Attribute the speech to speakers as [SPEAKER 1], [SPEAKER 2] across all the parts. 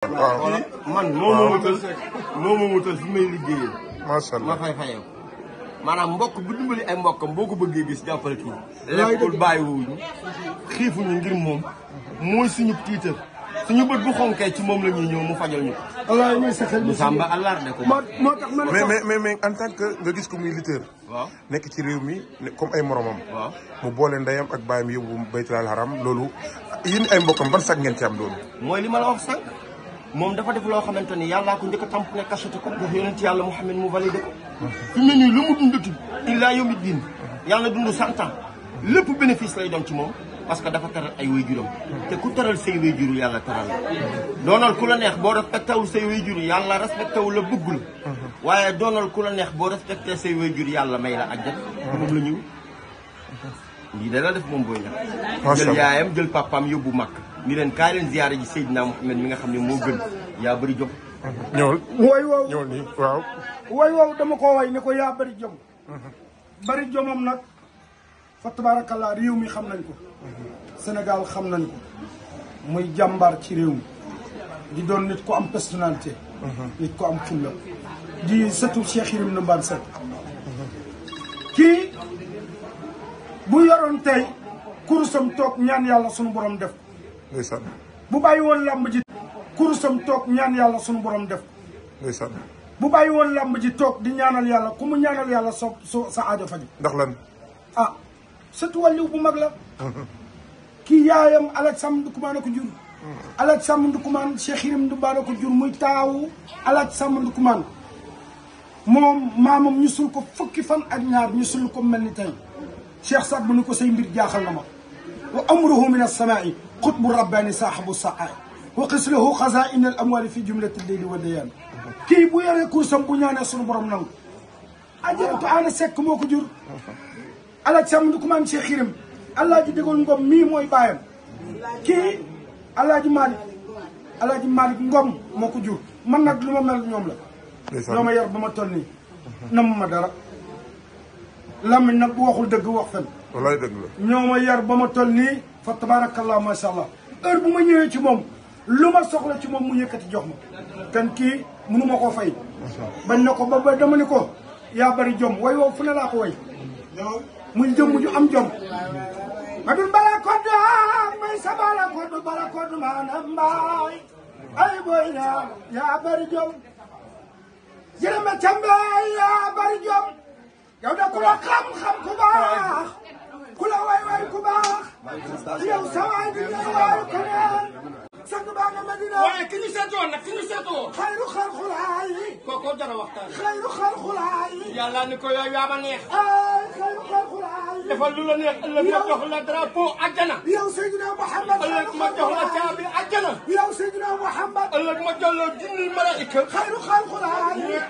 [SPEAKER 1] waaw man moo ma wutal moo ma wutal fi may liggéeyee. macha allah ma fay fayoo maanaam mbokk bu dimbali ay mbokkam boo ko bëggee gis jàppale tuuti. lekkul bàyyiwuñu
[SPEAKER 2] xiifuñu ngir moom mooy suñu tiitar suñu bët bu xonkee ci moom la ñuy ñëw mu fajal ñu. wallaahi muy saxal ñu sàmba àllar de ko. moo tax ma ne mais mais mais en tant que nga gis ko muy lutteur. waaw nekk ci réew mi comme ay moromam. waaw mu boole ndeyam ak bàyyam yóbbu baytul haram loolu yéen ay mbokkam ban sax ngeen ci am loolu. mooy li ma la wax sax.
[SPEAKER 1] moom dafa def loo xamante ni yàllaa ko njëkk a tàmpalee kasatu ko. jox yonent yàlla Mouhamed mu validé ko. fi mu ne nii lu mu dundatul. illaa yawmi diin yàlla dund cent lépp bénéfice lay doon ci moom parce que dafa teral ay waajuram te ku teral say waajur yàlla teral la. doonal ku la neex boo respecté wul say waajur yàlla respecté wu la bëgg la. waaye doonal ku la neex boo respecté say waajur yàlla may la àjjana. moom la ñu lii dana def moom booy ñax. jël yaayam jël papaam yóbbu màkk. ni leen kaay leen ziyaare ji Seydina Muhammad mi nga xam ne moo gën
[SPEAKER 2] yaa bëri jom. ñëwal way wow ñëwal nii waaw. way wow dama ko way ne ko yaa bëri jom. bëri jomam nag fa tabaarakallaa réew mi xam nañ ko. Sénégal xam nañ ko. muy jàmbaar ci réew mi. di doon nit ku am personnalité. nit ku am fulla di sëtu Cheikh Yérim Ndoumban Seck. kii bu yoroon tey kurusam toog ñaan yàlla sunu borom def. ndeysaan bu bàyyi woon làmb ji kurusam toog ñaan yàlla suñu borom def bu bàyyi woon làmb ji toog di ñaanal yàlla ku mu ñaanal yàlla so so sa aajo faju ndax lan ah surtout wàlliw bu mag la kii yaayam alaj sàmm ndukumaan ko jur alaj sàmm ndukumaan Cheikh Yirim ndumbaan ko jur muy taawu alaj sàmm ndukumaan moom maamam ñu ko fukki fan ak ñaar ñu sul ko mel ni tey Cheikh Saad bu ni ko say mbir jaaxal na ma وأمره من السماء قطب الربان صاحب السعي وقسله خزائن الأموال في جملة الليل والليام كيبو يريكو سنبنيا نصر برمنا أجل تعانى سك موك جر ألا تسامدكم أمشي خيرم ألا جدقون نقوم ميمو يبايم كي ألا جمالي ألا جمالي نقوم موك جر من نقل ممال نيوم لك نوم يربما تولني نوم مدارك làmmiñ nag bu waxul dëgg wax fen wallaay dëgg la ma yar ba ma toll nii fa tabarakallah macha allah heure bu ma ñëwee ci moom lu ma soxla ci moom mu yëkkati jox ma kan kii mënu ma koo fay bañ na ko ba ba ko ya bari jom way woo fu ne laa ko way muy jom ñu am jom ma dul
[SPEAKER 1] bala koddu ah, may sa bala koddu bala koddu maanaam mbaay ay boy na yaa bari jom jërëma cambaay yaa bari jom جودة كلها خام خام كباخ كلها واي واي كباخ يا سواعد يا واي كمان سنبانا مدينة واي كل ساتون كل ساتون خير خلق العالي كوكو جرى وقتها خير خلق العالي يلا نكو يا يا بنيخ آه، خير خلق العالي فلولا نيخ اللي بيجوه لدرابو عجنا يا سيدنا محمد اللي بيجوه لشعبي عجنا يا سيدنا محمد قال لك ما قال لك جن الملائكه خير خلق العالمين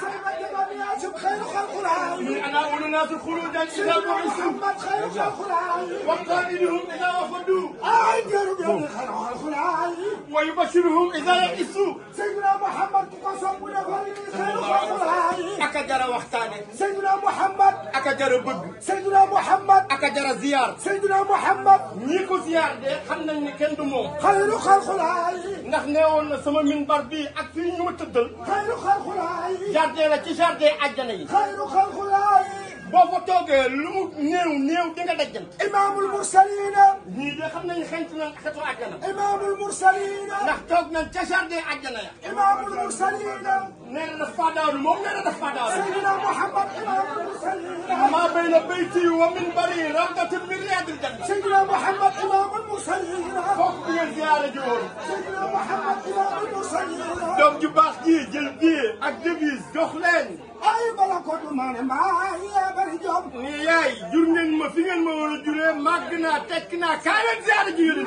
[SPEAKER 1] سيدنا خير خلق العالمين انا اول الناس خلودا الى محمد خير خلق العالمين وقائدهم اذا وفدوا اعد يا رب خير خلق العالمين ويبشرهم اذا يئسوا سيدنا محمد قسم بنا خير خلق العالمين اكدر وقتاني سيدنا محمد ak a jar a bëgg Seydina Muhammad ak a jar a ziyaar Seydina Muhammad ñi ko ziyaar de xam nañ ni kenn du moom xayru xalxulaay ndax neewoon na sama minbar bii ak fii ñu ma tëddal xayru xalxulaay jardin la ci jardin àjjana yi xayru xalxulaay boo fa toogee lu mu néew néew di nga dajjal imaamul mursalina ñii de xam nañ xent nañ xetu àjjana imaamul mursalina ndax toog nañ ca jardin àjjana ya imaamul mursalina nee na daf faa daanu moom nee na daf faa daanu. sayyidina Muhammad ma bayna bayti wa minbari rawdatun min riyaadil janna. sayyidina Muhammad imaamul mursaliin. foofu bi ngeen ziyaare ji woon. sayyidina Muhammad imaamul mursaliin. doom ju baax ji jël billet ak devise jox leen. ay bala ko du ma ne maa yee bari jom. ni yaay jur ngeen ma fi ngeen ma war a juree màgg naa tekk naa kaa leen ziyaare ji yéen.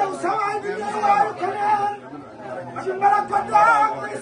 [SPEAKER 1] yow sa waay bi ñu waay ko neen ci mbala ko doon.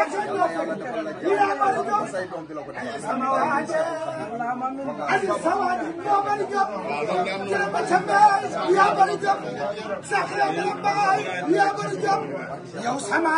[SPEAKER 1] yaa bari jóg yow sama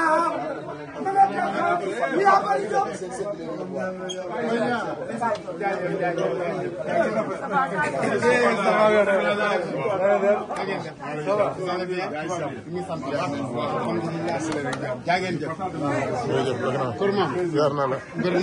[SPEAKER 1] Kurma. Görnalı. Görnalı.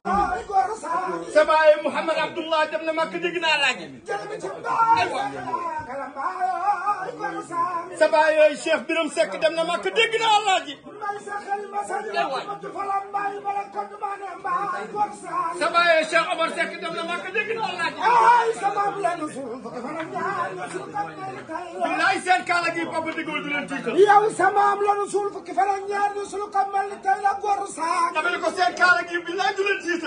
[SPEAKER 1] سماي محمد عبد الله دمنا ما كدقنا لك سماي الشيخ بن مسك دمنا ما كدقنا لك سماي الشيخ عمر سك دمنا ما كدقنا لك بالله يسال كالك بابا تقول دلنتيك يا سمام لا نسول فكفرنا يا نسول كمل تيلا قرصا قبل كسان كالك بالله دلنتيك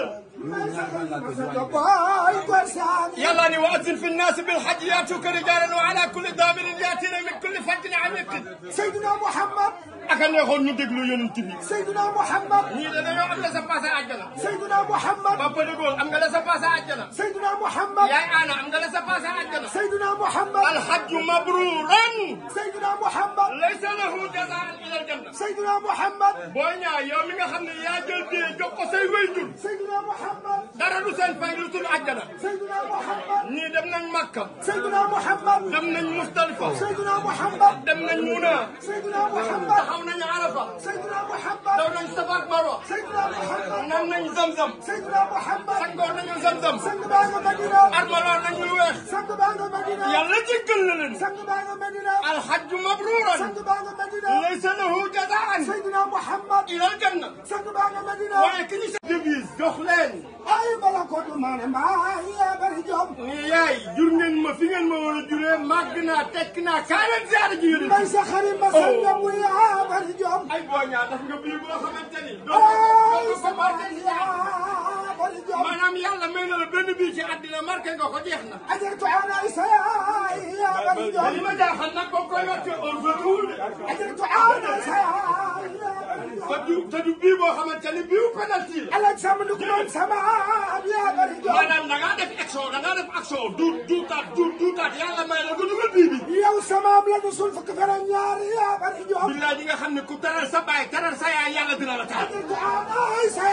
[SPEAKER 1] يلا نوازن في الناس بالحج بالحجياتك رجالا وعلى كل ضامر ياتينا من كل فج عميق سيدنا محمد أكن يخون ندقلو ينتبه سيدنا محمد نيدا يو أم لسباسا أجلا سيدنا محمد بابا نقول أم لسباسا أجلا سيدنا محمد يا أنا أم لسباسا أجلا سيدنا محمد الحج مبرورا سيدنا محمد ليس له جزاء إلى الجنة سيدنا محمد بوينا يوم يخمن يا جلدي جوكو سيويدون سيدنا محمد دارا لوسين فايلوت الاجلة سيدنا محمد ني دم نان مكه سيدنا محمد دم نان مصطفى سيدنا محمد دم نان منى سيدنا محمد حاو نان عرفه سيدنا محمد دو نان صفاك مروه سيدنا محمد نان نان زمزم سيدنا محمد سكور نان زمزم سنت باغا مدينه ارملو نان لويخ سنت باغا مدينه يلا تيكل لن سنت باغا مدينه الحج مبرورا سنت باغا مدينه ليس له جزاء سيدنا محمد الى الجنه سنت باغا مدينه ولكن يسدبي jox leen. ay bala ko ma ne maa yee bari jom. yaay jur ngeen ma fi ngeen ma war a juree màgg naa tekk naa kaa leen ziara ji yaa oh. daf nga biir boo xamante ni. doo ko ko marqué yaa bari jom. maanaam yàlla may na la benn biir ana isa yaa bari biyu ta du bi bo xamanteni biu penalty la Alexandre ko non sama am ya bari do manam da nga def action da nga def action du du ta du du ta yalla may la ko dugal bi bi yow sama am la sul fuk fere ñaar ya bari do billahi nga xamne ku taral sa bay taral sa ya yalla dina la taal ay sa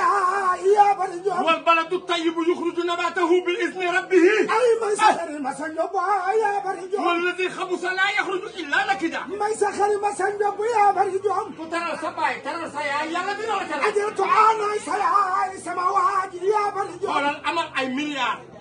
[SPEAKER 1] ya bari do wal baladu tayyib yukhruj nabatahu bi izni rabbih ay man sakhari masan do ya bari do wal ladhi khabasa la yakhruj illa nakida man sakhari masan do ya bari do ku taral sa bay taral sa ya يا عن يا سماوات يا يا أولى يا أي مليار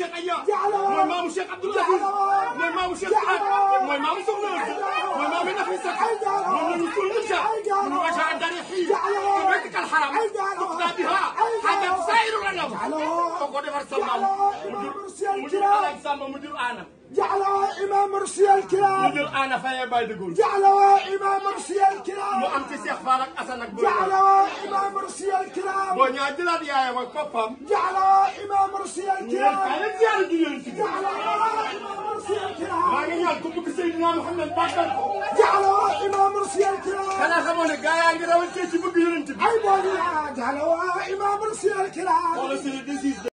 [SPEAKER 1] Cheikh Aya mooy maamu Cheikh Abdoul Aziz mooy maamu Cheikh Saad mooy maamu Soxna mooy maamu Nafisa moom la ñu suul incha من وجه دريحي في بيتك الحرام تقضى بها حاجة سائر لنا فقد فرسلنا مدير أنا مدير أنا جعلها إمام رسي الكرام مدير أنا فيا بايدقول جعلها إمام رسي الكرام وأنت شيخ فارق أسنك جعلها boo ñëwaat jëlaat yaayam ak papam jaala imam rusiyal kiram kale ziyaar ju leen ci imam rusiyal kiram maa ko jaala imam rusiyal kiram xanaa xamoo ne imam rusiyal kiram